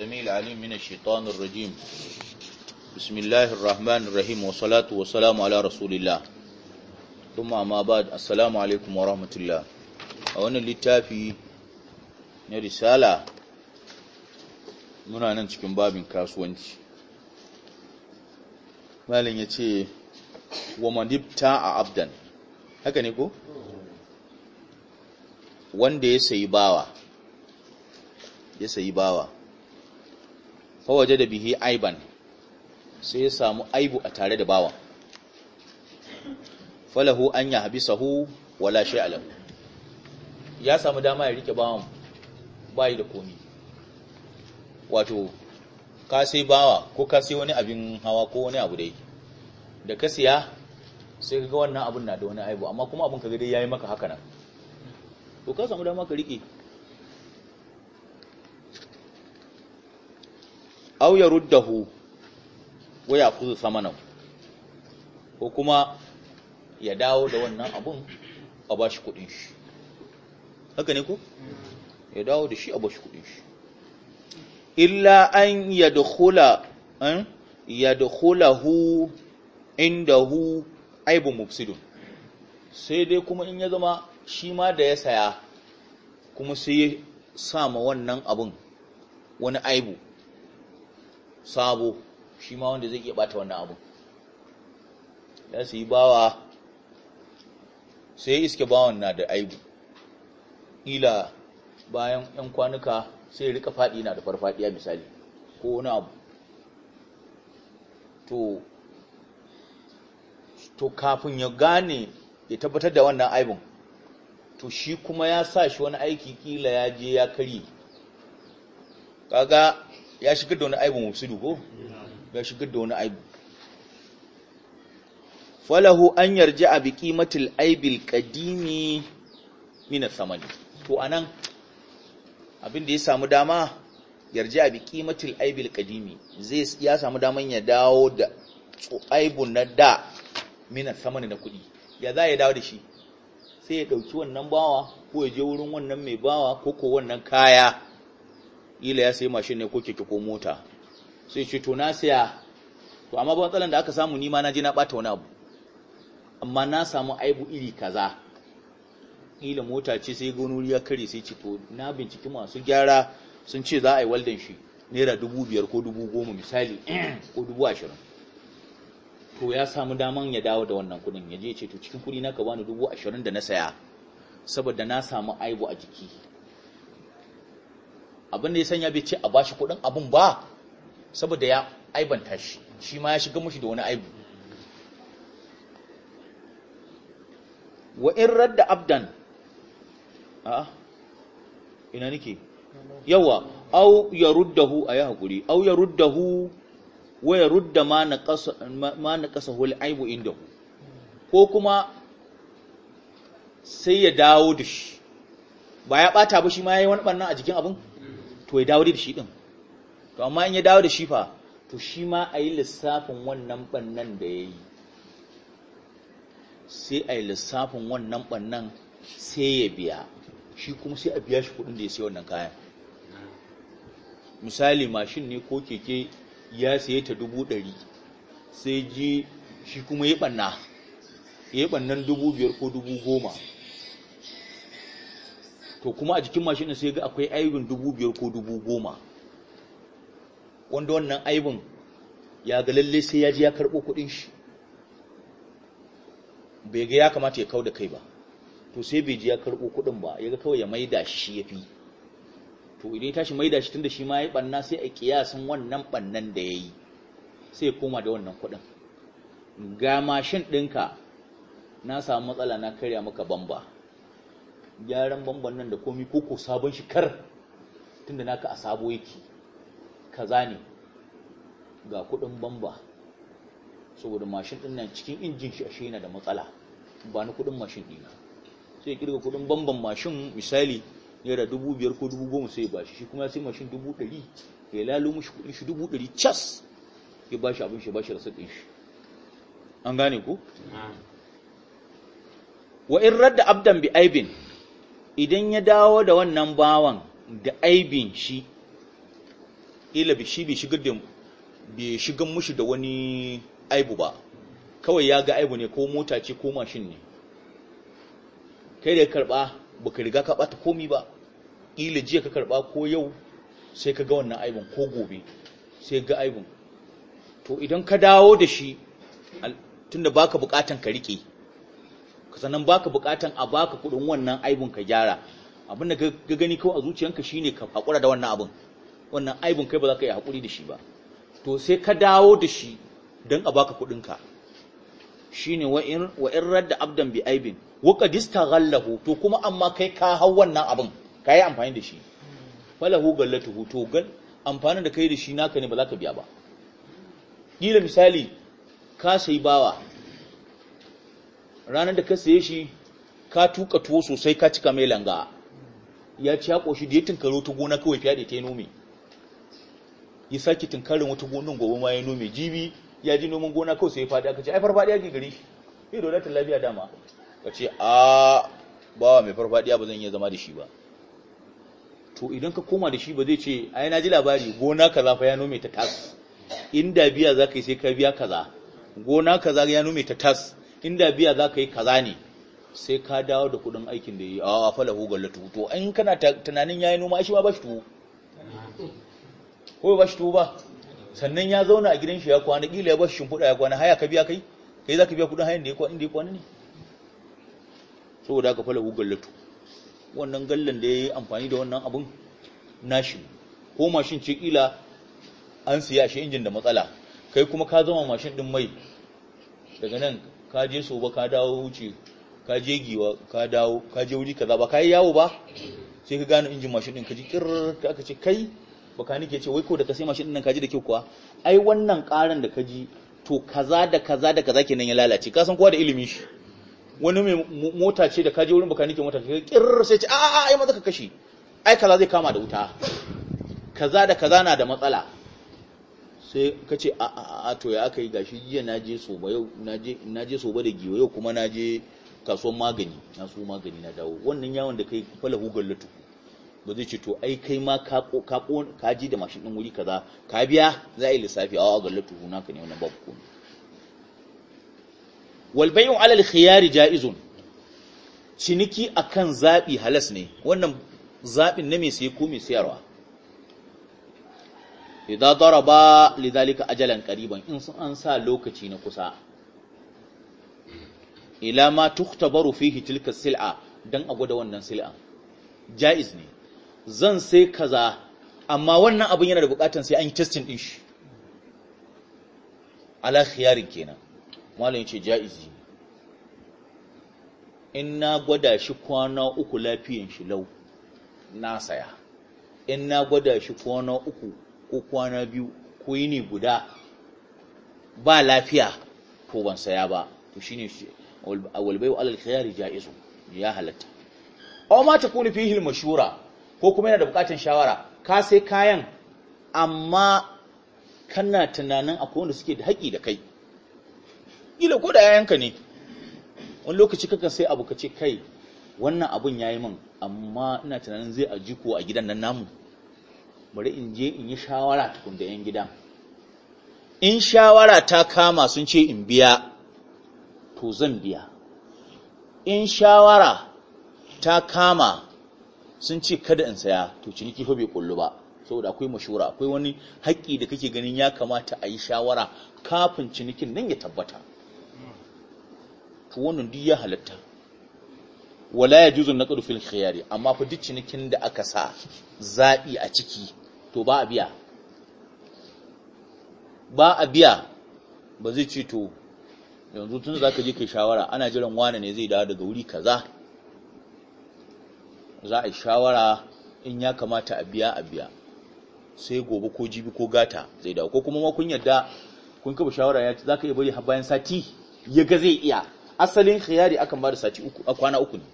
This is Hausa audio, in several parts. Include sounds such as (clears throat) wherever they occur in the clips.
السميع العليم من الشيطان الرجيم بسم الله الرحمن الرحيم والصلاة والسلام على رسول الله ثم أما بعد السلام عليكم ورحمة الله أولا للتافي رسالة muna nan cikin babin kasuwanci malin ya ce wa manibta a abdan haka ne ko wanda ya sayi bawa ya sayi bawa fawaje da bihi aiban sai ya samu aibu a tare da bawan falahu an ya habisahu wala shay alam ya samu dama ya rike bawan bai da komi wato ka sai bawa ko ka sai wani abin hawa ko wani abu dai da ka siya sai ga wannan abin na da wani aibu amma kuma abin ka ga dai yayi maka haka nan to ka samu dama ka rike aw yaruddahu wa ya'khudhu samanan ko kuma ya dawo da wannan abun a bashi kudin shi haka ne ko ya dawo da shi a bashi kudin shi illa an yadkhula an eh, yadkhulahu indahu aibun mufsidun sai dai kuma in ya zama shi ma da ya saya kuma sai ya sama wannan abun wani aibu sabo shi ma wanda zai iya bata wannan abu ya su yi bawa sai iske bawan na da aibu ila bayan 'yan kwanuka sai rika faɗi na da farfaɗiya misali ko wani abu to kafin ya gane ya tabbatar da wannan aibin to shi kuma ya sa shi wani aiki kila ya je ya kari kaga ya shigar da wani aibu mufsidu ko ya shigar da wani aibu falahu an yarji a bi qimatil aibil kadimi min samani to anan abin da ya samu dama yarji a bi qimatil aibil kadimi zai ya samu daman ya dawo da aibu na da min samani na kudi ya za ya dawo da shi sai ya dauki wannan bawa ko ya je wurin wannan mai bawa ko ko wannan kaya ila ya sayi mashin ne ko keke ko mota sai ce to na siya to amma ba matsalan da aka samu ni ma na je na bata wani abu amma na samu aibu iri kaza ila mota ce sai gono ya kare sai ci to na binciki masu gyara sun ce za a yi waldan shi naira dubu biyar ko dubu goma misali (clears throat) ko dubu ashirin to ya samu daman ya dawo da wannan kudin ya je ce to cikin kudi na ka bani dubu ashirin da na saya saboda na samu aibu a jiki abin da ya sanya bai ce a bashi kuɗin abin ba saboda ya aibanta shi shi ma ya shiga mushi da wani aibu wa in radda abdan a ina nake yawa au ya ruddahu a yi haƙuri au ya ruddahu wa ya rudda ma na ƙasa hul aibu inda ko kuma sai ya dawo da shi ba ya ɓata ba shi ma ya yi wani ɓannan a jikin abin to ya dawo da shi din to amma in ya dawo da shi fa to shi ma a yi lissafin wannan bannan da ya yi sai a yi lissafin wannan bannan sai ya biya shi kuma sai a biya shi kudin da ya sai wannan kayan misali mashin ne ko keke ya saye ta dubu ɗari sai ji shi kuma ya ɓanna ya yi ɓannan dubu biyar ko dubu goma to kuma a jikin mashin sai ga akwai aibin dubu biyar ko dubu goma wanda wannan aibin ya ga lalle sai ya ji ya karɓo kuɗin shi bai ga ya kamata ya kau da kai ba to sai bai ji ya karɓo kuɗin ba ya ga kawai ya maida shi ya fi to idan ya tashi maida shi tun da shi ma ya ɓanna sai a ƙiyasin wannan ɓannan da ya yi sai koma da wannan kuɗin ga mashin ɗinka na samu matsala na karya maka bamba gyaran bamban nan da komi ko ko sabon shi kar tunda naka a sabo yake kaza ne ga kudin bamba saboda mashin din nan cikin injin shi ashe yana da matsala ba na kudin mashin din sai kirga kudin bamban mashin misali naira dubu biyar ko dubu goma sai ba shi shi kuma sai mashin dubu ɗari ya lalo mushi kudin shi dubu ɗari cas ya ba shi abin shi ba shi rasa ɗin shi an gane ku wa in radda abdan bi aibin idan ya dawo da wannan bawan da aibin shi ila shi bai shigar da bai shigar mushi da wani aibu ba kawai ya ga aibu ne ko mota ce ko mashin ne kai da karba baka riga ka bata komi ba ila jiya ka karba ko yau sai ka ga wannan aibun ko gobe sai ga aibun to idan ka dawo da shi tunda baka bukatan ka riƙe. sannan ka bukatan a baka kudin wannan aibin ka gyara abin da ka gani kawai a zuciyanka shine ka hakura da wannan abin wannan aibun kai ba za ka yi hakuri da shi ba to sai ka dawo da shi don a baka kudin ka shine wa in radda abdan bi aibin wa qad istaghallahu to kuma amma kai ka hau wannan abin ka yi amfani da shi falahu gallatuhu to gal amfanin da kai da shi naka ne ba za ka biya ba kila misali ka sai bawa ranar da ka saye shi ka tuka tuwo sosai ka cika mai langa ya ci ya koshi da ya tunkaro ta gona kawai fyaɗe ta yi nome ya sake tunkarin wata gonan gobe ma ya nome jibi ya ji noman gona kawai sai ya faɗi aka ce ai farfadiya ke gari ya dole ta lafiya dama ka ce a bawa mai farfadiya ba zan iya zama da shi ba to idan ka koma da shi ba zai ce ai na ji labari gona kaza fa ya nome ta tas inda biya za ka yi sai ka biya kaza gona kaza ya nome ta tas inda biya za ka yi kaza ne sai ka dawo da kudin aikin da yi a hugon latu to an kana tunanin ya yi noma shi ma ba shi tuwo ko ba shi tuwo ba sannan ya zauna a gidan shi ya kwana ƙila ya ba shi shimfiɗa ya kwana haya ka biya kai kai za ka biya kudin hayan da ya kwana inda ya kwana ne saboda fala hugon latu wannan gallan da ya yi amfani da wannan abun nashi ko mashin ce kila an siya shi injin da matsala kai kuma ka zama mashin din mai daga nan ka je so ba ka dawo wuce ka je giwa ka dawo ka je wuri kaza ba ka yi yawo ba sai ka gane injin mashin din ka ji kirr ka aka ce kai baka nike ce wai ko da ka sai mashin din nan ka ji da kyau kuwa ai wannan karin da ka ji to kaza da kaza da kaza kenan ya lalace ka san kowa da ilimi shi wani mai mota ce da ka je wurin baka nike mota ka kirr sai ce a a ai maza ka kashe ai kaza zai kama da wuta kaza da kaza na da matsala sai ka ce a a to ya aka yi gashi jiya na je soba da giwa yau kuma na je kasuwan magani na su magani na dawo wannan yawon da kai fala hugar latuku ba zai ce to ai kai ma ka ji da mashin din wuri kaza ka biya za a yi lissafi a wa latuku na ka ne wani babu komai walbayin alal ala jaizun ciniki akan zabi halas ne wannan zabin na mai sai ko mai sayarwa idza daraba lidhalika ajalan qariban in sun an sa lokaci na kusa ila ma tuktabaru fihi tilka sil'a dan a gwada wannan sil'an jaiz ne zan sai kaza amma wannan abin yana da bukatun sai an yi testing din shi ala khiyarin kenan malamin ce ne. in na gwada shi kwana uku lafiyan shi lau na saya in na gwada shi kwana uku ko kwana biyu ko yini guda ba lafiya ko ban saya ba to shine awal bayu alal khiyari jaizu ya halatta aw ma takunu fihi al mashura ko kuma yana da bukatun shawara ka sai kayan amma kana tunanin akwai wanda suke da haƙi da kai kila ko da yayanka ne wani lokaci kakan sai abu ka ce kai wannan abun yi min amma ina tunanin zai aji ko a gidan nan namu bari in je in yi shawara tukun da 'yan gidan in shawara ta kama sun ce in biya to zan biya in shawara ta kama sun ce kada in saya to ciniki fa bai kullu ba saboda akwai mashura akwai wani haƙƙi da kake ganin ya kamata a yi shawara kafin cinikin nan ya tabbata to wannan duk ya halatta wala ya yajuzu naqdu fil khiyari amma fa duk cinikin da aka sa zabi a ciki to ba a biya ba a biya ba zai ce to yanzu tun za ka je kai shawara ana jiran wane ne zai dawo daga wuri kaza za a shawara in ya kamata a biya a biya sai gobe ko jibi ko gata zai dawo ko kuma ma kun yadda kun kaba shawara ya za ka iya bari bayan sati ya ga zai iya asalin khiyari akan ba da sati uku a kwana uku ne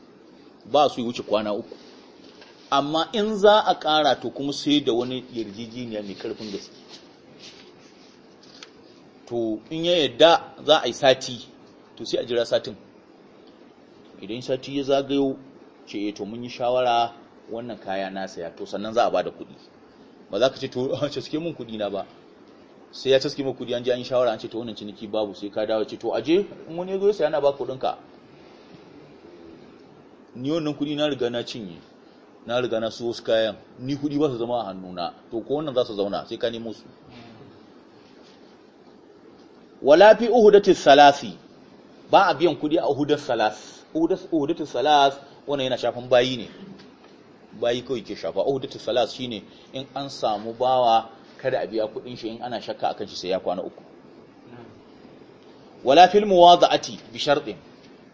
ba su yi wuce kwana uku amma in za a ƙara to kuma sai da wani yarjejeniya mai ƙarfin gaske to in ya yadda za a yi sati to sai a jira satin idan sati ya zagayo ce eh, to mun yi shawara wannan kaya na saya to sannan za a ba da kuɗi ba za ka ce to (laughs) a caske mun kuɗi na ba sai ya caske mun kuɗi an je an yi shawara an ce to wannan ciniki babu sai ka dawo ce to aje in wani ya zo ya saya na ba kuɗinka ni wannan kuɗi na riga na cinye na riga na siyo su kayan ni kuɗi ba su zama a hannuna to ko wannan za su zauna sai ka nemo su wala fi uhudatis salasi ba a biyan kuɗi a uhudatis salas uhudatis salas wannan yana shafan bayi ne bayi kawai ke shafa uhudatis salas shine in an samu bawa kada a biya kuɗin shi in ana shakka akan shi sai ya kwana uku wala fil muwada'ati bi shartin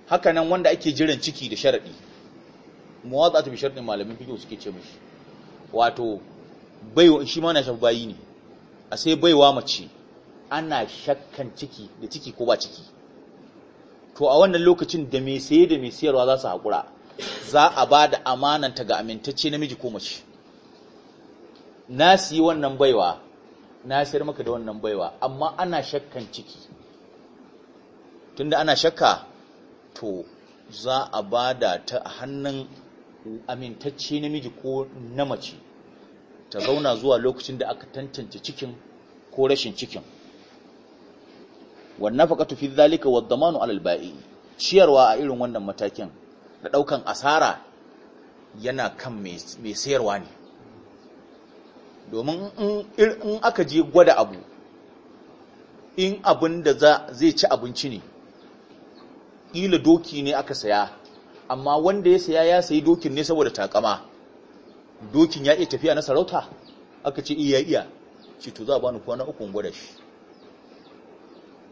haka wanda ake jiran ciki da sharadi muwatsa ta bishar ɗin malamin fiqh suke ce mashi wato baiwa shi ma na shafi bayi ne a sai baiwa mace ana shakkan ciki da ciki ko ba ciki to a wannan lokacin da mai saye da mai sayarwa za su haƙura za a ba da amananta ga amintacce namiji ko mace na siyi wannan baiwa na sayar maka da wannan baiwa amma ana shakkan ciki tunda ana shakka to za a ba da ta hannun amintacce namiji ko na mace ta zauna zuwa lokacin da aka tantance cikin ko rashin cikin wannan faka fi zalika wa zamanu alal ba'i ciyarwa a irin wannan matakin da ɗaukan asara yana kan mai sayarwa ne domin in aka je gwada abu in abin da zai ci abinci ne ƙila doki ne aka saya amma wanda ya saya ya sayi dokin ne saboda takama dokin ya iya tafiya na sarauta aka ce iya iya ce to za a bani kwana uku gwada shi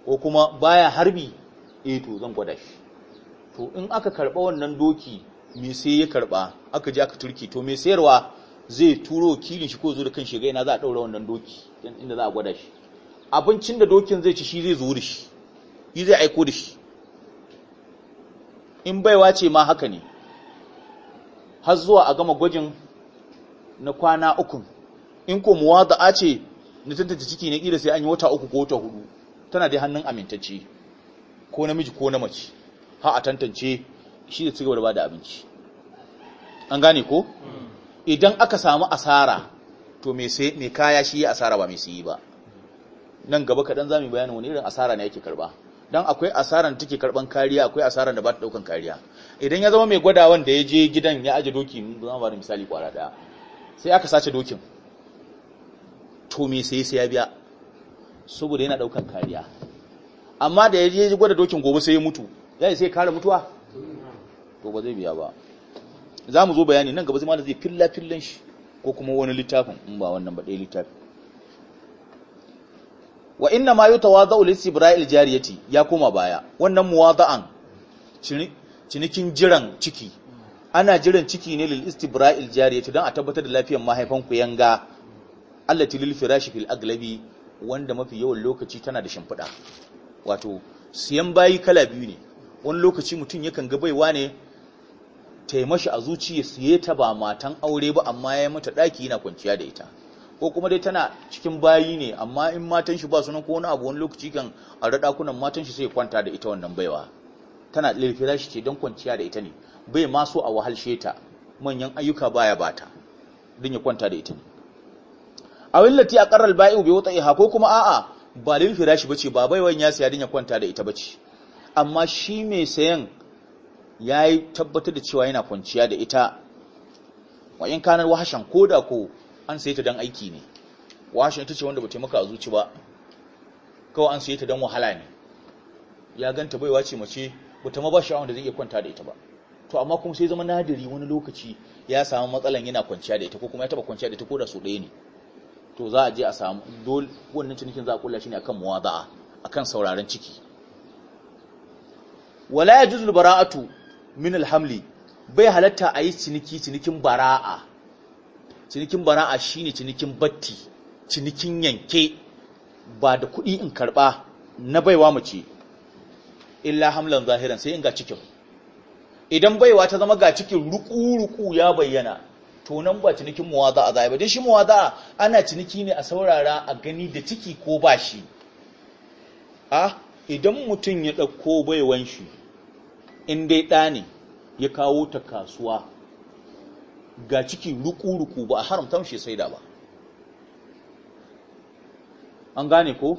ko kuma baya harbi eh to zan gwada shi to in aka karba wannan doki me sai ya karba aka ji aka turki to me sayarwa zai turo kilin shi ko zo da kan shi ga ina za a daura wannan doki inda za a gwada shi abincin da dokin zai ci shi zai zo da shi yi zai aiko da shi in baiwa ce ma haka ne har zuwa a gama gwajin na kwana uku in ko a ce na tantance ciki na kila sai an yi wata uku ko wata hudu tana dai hannun amintacce ko namiji ko na mace a tantance shi da cigaba da bada abinci an gane ko hmm. idan aka samu asara to me sai me kaya shi yi asara ba me yi ba nan gaba kadan zamu bayani wani irin asara ne yake karba don akwai asaran take karban kariya akwai asaran da ba ta daukan kariya idan ya zama mai gwadawan da ya je gidan ya aje doki zama ba da misali kwara daya sai aka sace dokin to me sai sai ya biya saboda yana daukan kariya amma da ya je gwada dokin gobe sai ya mutu zai sai kare mutuwa to ba zai biya ba za mu zo bayani nan gaba zai ma da zai filla fillan shi ko kuma wani littafin in ba wannan ba ɗaya littafin wa inna ma yutawadau li ibra'il jariyati ya koma baya wannan muwada'an cinikin jiran ciki ana jiran ciki ne lil istibra'il jariyati don a tabbatar da lafiyar mahaifan ku yanga allati lil firashi fil aglabi wanda mafi yawan lokaci tana da shimfiɗa wato siyan bayi kala biyu ne wani lokaci mutum yakan ga baiwa ne taimashi a zuciya siye ta ba matan aure ba amma ya mata ɗaki yana kwanciya da ita ko kuma dai tana cikin bayi ne amma in matan shi ba su nan ko wani abu wani lokaci kan a rada kunan matan shi sai kwanta da ita wannan baiwa tana lirfira shi ce don kwanciya da ita ne bai ma so a wahalshe ta manyan ayyuka baya bata din ya kwanta da ita ne a wallati a qaral bai'u bi iha ko kuma a'a ba lirfira shi bace ba baiwan ya saya din ya kwanta da ita bace amma shi mai sayan yayi tabbatar da cewa yana kwanciya da ita wa in kanar wahashan koda ko an saye ta don aiki ne washin ita ce wanda ba taimaka a zuci ba kawai an saye ta don wahala ne ya ganta bai wace mace ba ta ma ba sha'awar da zai iya kwanta da ita ba to amma kuma sai zama nadiri wani lokaci ya samu matsalan yana kwanciya da ita ko kuma ya taba kwanciya da ita ko da su ɗaya ne to za a je a samu dole wannan cinikin za a kula shi ne akan muwada'a akan sauraron ciki wala yajuzul bara'atu min alhamli bai halatta a yi ciniki cinikin bara'a cinikin bara'a shine cinikin batti cinikin yanke ba da kuɗi in karɓa na baiwa mace illa hamlan zahiran sai in ga cikin idan baiwa ta zama ga cikin ruku-ruku ya bayyana to nan ba cinikin muwaza a zai ba shi muwaza ana ciniki ne a saurara a gani da ciki ko ba shi a idan mutum ya ɗauko baiwan shi in dai ɗa ne ya kawo ta kasuwa ga ciki ruku-ruku ba a haramta mashi sai da ba an gane ko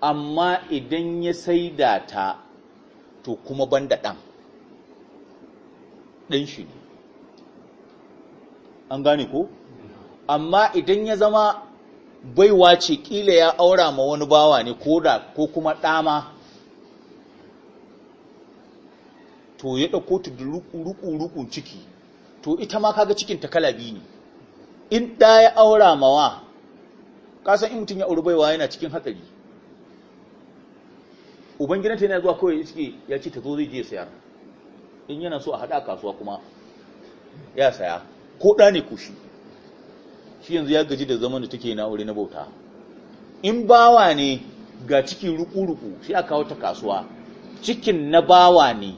amma idan ya saida ta to kuma banda ɗan ɗan shi ne an gane ko amma idan ya zama baiwa ce ƙila ya aura ma wani bawa ne ko da ko kuma ɗama to ya ɗauko ta da ruku-ruku ciki to ita ma kaga cikin ta kala biyu ne in da ya aura mawa kasan in mutum ya auri baiwa yana cikin hatsari ubangidanta yana zuwa kawai yake ya ce ta zo zai je sayar in yana so a hada kasuwa kuma ya saya ko ɗa ne kushi shi yanzu ya gaji da zaman da take na aure na bauta in bawa ne ga cikin ruku-ruku sai a kawo ta kasuwa cikin na bawa ne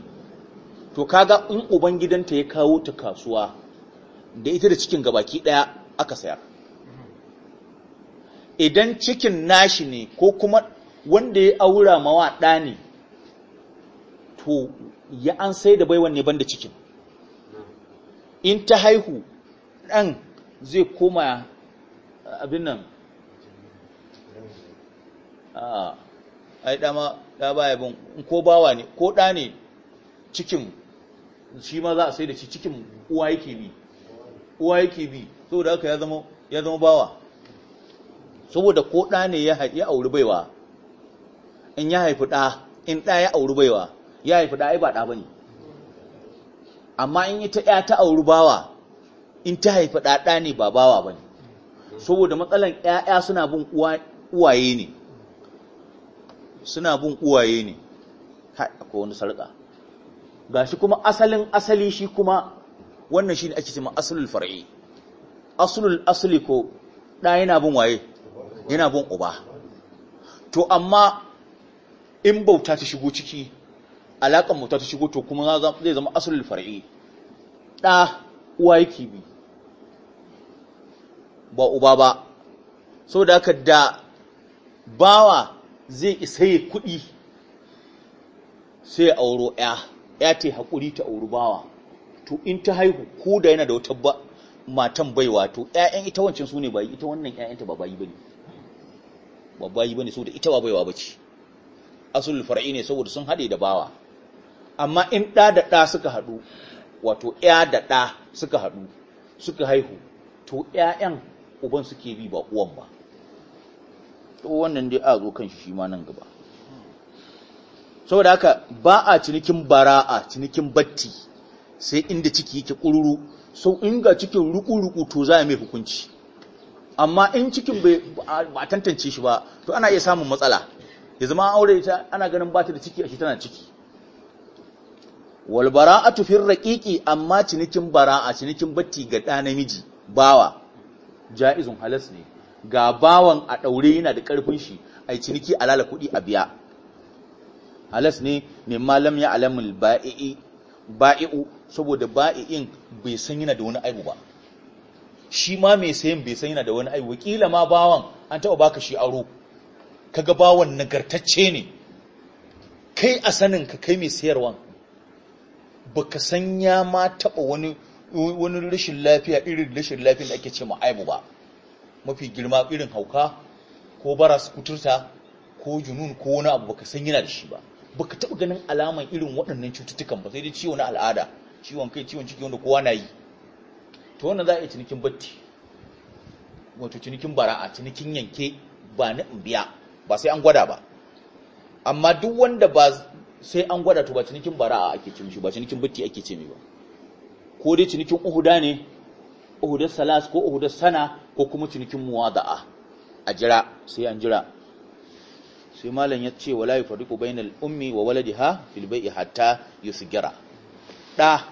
to kaga in uban gidanta ya kawo ta kasuwa da ita da cikin gabaki daya aka sayar idan cikin nashi ne ko kuma wanda ya aura mawa ɗa ne to ya an sai da baiwan ne banda cikin in ta haihu ɗan zai koma uh, abin nan a uh, ai dama da bayan ko bawa ne ko ɗa ne cikin shi ma za a sai da shi cikin uwa yake bi uwa yake bi saboda haka ya zama ya zama bawa saboda ko ɗa ne ya auri baiwa in ya haifi ɗa in ɗa ya auri baiwa ya haifi ɗa ai ba ɗa bane amma in ita ya ta auri bawa in ta haifi ɗa ɗa ne ba bawa bane saboda matsalan ƴaƴa suna bin uwaye ne suna bin uwaye ne kai akwai wani sarƙa ga shi kuma asalin asali shi kuma wannan shi ne ake cewa asalul far'i asalul asali ko da yana bin waye yana bin uba to amma in bauta ta shigo ciki alaƙan bauta ta shigo to kuma zai zama asalul far'i ɗa uwa yake bi ba uba ba saboda haka da bawa zai isa kuɗi sai auro 'ya ya ta haƙuri ta urubawa to in ta haihu ko da yana da wata matan baiwa to ƴaƴan ita wancan su ne bayi ita wannan ƴaƴanta ba bayi bane ba bayi bane saboda ita ba baiwa bace asulul far'i ne saboda sun haɗe da bawa amma in ɗa da ɗa suka haɗu wato ƴa da ɗa suka haɗu suka haihu to ƴaƴan uban suke bi ba uwan ba to wannan dai a zo kan shi, shi ma nan gaba saboda haka ba a cinikin bara'a cinikin batti sai inda ciki yake kururu so in ga cikin ruku-ruku to za a mai hukunci amma in cikin bai ba tantance shi ba to ana iya samun matsala ya zama aure ita, ana ganin ba ta da ciki a shi tana ciki Walbara a tufin amma cinikin bara a cinikin batti ga ɗa namiji bawa jaizun halas ne ga bawan a ɗaure yana da ƙarfin shi yi ciniki alala kuɗi a biya halas ne ne malam ya alamul ba'i'i ba'i'u saboda ba'i'in bai san yana da wani aibu ba shi ma mai sayan bai san yana da wani aibu kila ma bawan an taba baka shi aro kaga bawan nagartacce ne kai a sanin ka kai mai sayarwa. baka san ya ma taba wani wani rashin lafiya irin rashin lafiyar da ake ce ma aibu ba mafi girma irin hauka ko baras kuturta ko junun ko wani abu baka san yana da shi ba baka taɓa ganin alaman irin waɗannan cututtukan ba sai dai ciwo na al'ada ciwon kai ciwon ciki wanda kowa na yi to wannan za a yi cinikin batti wato cinikin bara'a cinikin yanke ba na biya ba sai an gwada ba amma duk wanda ba sai an gwada to ba cinikin bara'a ake ce mishi ba cinikin batti ake ce ba ko dai cinikin uhuda ne uhudar salas ko uhudar sana ko kuma cinikin muwada'a a jira sai an jira sai malam ya ce wala yufariqu bainal ummi wa waladiha fil bai'i hatta yusgira da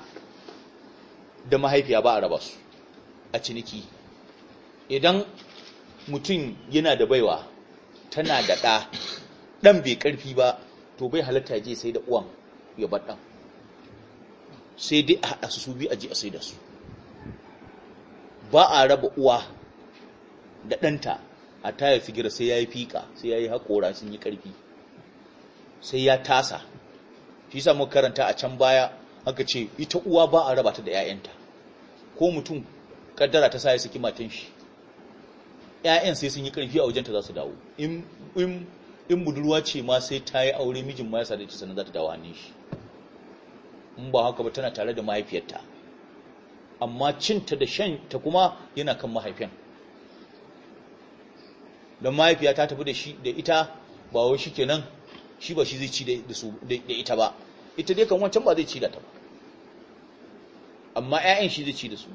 da mahaifiya ba a raba su a ciniki idan mutum yana da baiwa tana da ɗa ɗan bai ƙarfi ba to bai halatta je sai da uwan ya bar ɗan sai dai a haɗa su su biyu a ji a sai da su ba a raba uwa da ɗanta A tayar figira sai ya yi fiƙa sai ya yi haƙora sun yi ƙarfi sai ya tasa shi sa karanta a can baya haka ce ita uwa ba a rabata da 'ya'yanta ko mutum ƙaddara ta sa ya saki matan shi 'ya'yan sai sun yi ƙarfi a wajenta za su dawo in budurwa ce ma sai ta yi aure mijin ma ya sadu ta sanar za ta dawo hannun shi in ba haka ba tana tare da mahaifiyarta amma cinta da shan ta kuma yana kan mahaifin don mahaifiya ta tafi da shi da ita ba wai shi kenan shi ba shi zai ci da ita ba ita dai kan wancan ba zai ci da ta ba amma 'ya'yan shi zai ci da su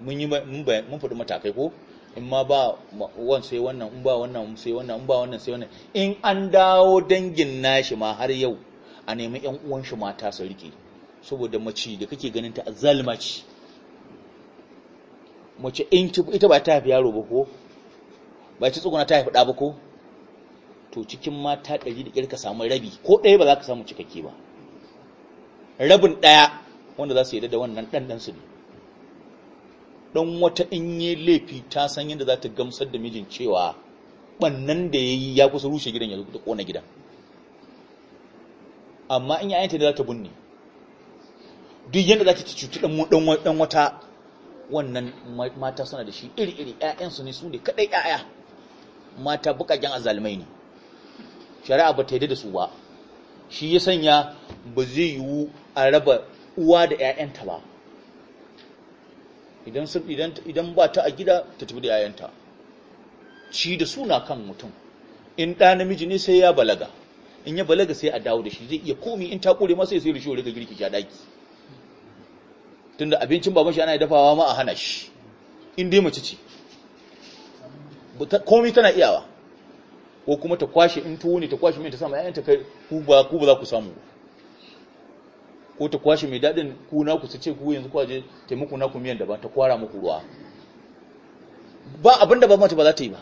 mun yi mun faɗi matakai ko in ma ba wan sai wannan in ba wannan sai wannan in ba wannan sai wannan in an dawo dangin nashi ma har yau a nemi ƴan uwan shi mata su rike saboda mace da kake ganin ta azzalma ce mace in ita ba ta fi yaro ba ko ba ci tsuguna ta haifi ɗa ba ko to cikin mata ɗari da ƙirka samu rabi ko ɗaya ba za ka samu cikakke ba rabin ɗaya wanda za su yi da wannan su ne ɗan wata in yi laifi ta san yadda za ta gamsar da mijin cewa ɓannan da ya yi ya kusa rushe gidan ya da ƙona gidan amma in yi ta da za ta binne duk yadda za ta cuci ɗan wata wannan mata suna da shi iri-iri ‘ya'yansu ne su ne kaɗai ‘ya'ya mata bukaken azalmai ne shari'a ba ta yi da su ba shi ya sanya ba zai yiwu a raba uwa da 'ya'yanta ba idan ba ta a gida ta tafi da 'ya'yanta ci da suna kan mutum in ɗa namiji ne sai ya balaga in ya balaga sai a dawo da shi zai iya komi in ta kure masa ya sai rushe daga girki sha daki tunda abincin baban ana dafawa ma a hana shi in dai mace ce komi tana iyawa ko kuma ta kwashe in tuwo ne ta kwashe mai ta sama ta kai ku ba ku za ku samu ko ta kwashe mai dadin ku na ku ce ku yanzu kwaje taimako na ku miyan daban ta kwara muku ruwa ba abinda ba mata ba za ta yi ba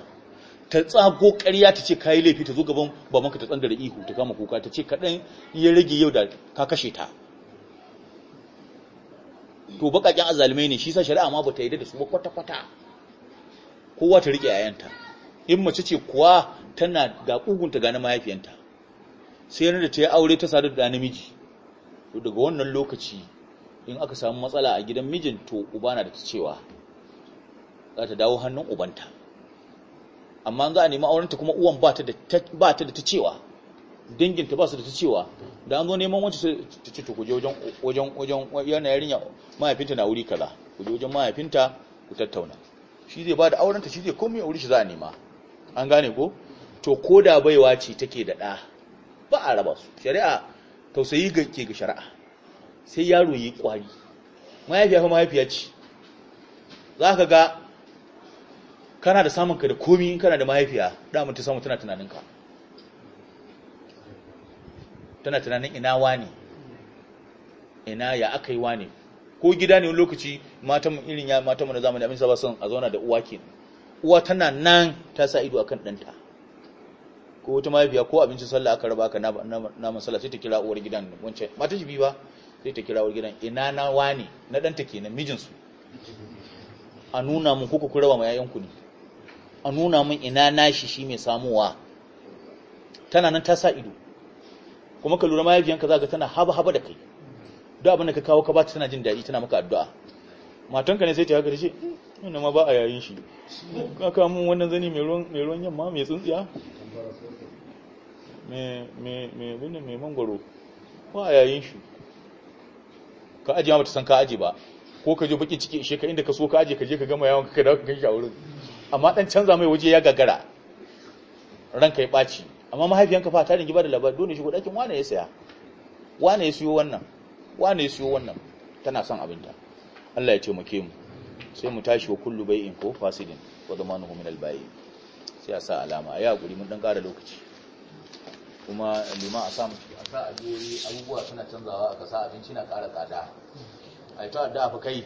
ta tsago ƙarya ta ce kayi laifi ta zo gaban babanka ta tsangare ihu ta kama kuka ta ce kaɗan ya rage yau da ka kashe ta to baƙaƙen azalmai ne shi sa shari'a ma ba ta yi da su ba kwata-kwata kowa ta rike yayanta in mace ce kuwa tana ga kugunta ga na mahaifiyanta sai da ta yi aure ta sadu da namiji to daga wannan lokaci in aka samu matsala a gidan mijin to uba na da ta cewa za ta dawo hannun ubanta amma za a nemi aurenta kuma uwan ba ta da ta cewa danginta ba su da ta cewa da an zo neman wancan ta ce ku je wajen mahaifinta na wuri kaza ku je wajen mahaifinta ku tattauna shi zai ba da aurenta shi zai komai aure shi za a nema an gane ko to ko da baiwa ce take da ɗa ba a raba su shari'a tausayi ga ke ga shari'a sai yaro yi kwari mahaifiya fa mahaifiya ce za ka ga kana da samun ka da komi kana da mahaifiya da mutu samu tana tunanin ka tana tunanin ina wani ina ya aka yi wani ko gida ne wani lokaci matan irin ya matan na zamani abin ba son a zauna da uwa ke uwa tana nan ta sa ido akan ɗanta ko wata mahaifiya ko abincin sallah aka raba aka na sallah sai ta kira uwar gidan wancan mata shi ba sai ta kira uwar gidan ina na wani na ɗanta kenan mijinsu a nuna mun kuka ku raba ma yayanku ne a nuna mun ina nashi shi mai samuwa tana nan ta sa ido kuma ka lura mahaifiyanka za ka tana haba-haba da kai duk abin da ka kawo ka ba ta tana jin daɗi tana maka addu'a matanka ne sai ta haka da ce wannan ma ba a yayin shi ka kawo mun wannan zani mai ruwan yamma mai tsuntsiya me wannan mai mangoro ba a yayin shi ka aji ma bata san ka aji ba ko ka je bakin ciki ishe ka inda ka so ka aji ka je ka gama yawon ka dawo ka ganshi a wurin amma dan canza mai waje ya gagara ranka ya ɓaci amma mahaifiyanka fa ta dingi ba da labari dole shi go dakin wane ya saya wane ya siyo wannan wane ya siyo wannan tana son abinta Allah ya muke mu sai mu tashi wa kullu bai'in ko fasidin wa zamanuhu min al-bai sai a sa alama ya hakuri mun dan ƙara lokaci kuma lima a sa mu a sa abubuwa suna canzawa a kasa abinci na ƙara tsada ai to a fi kai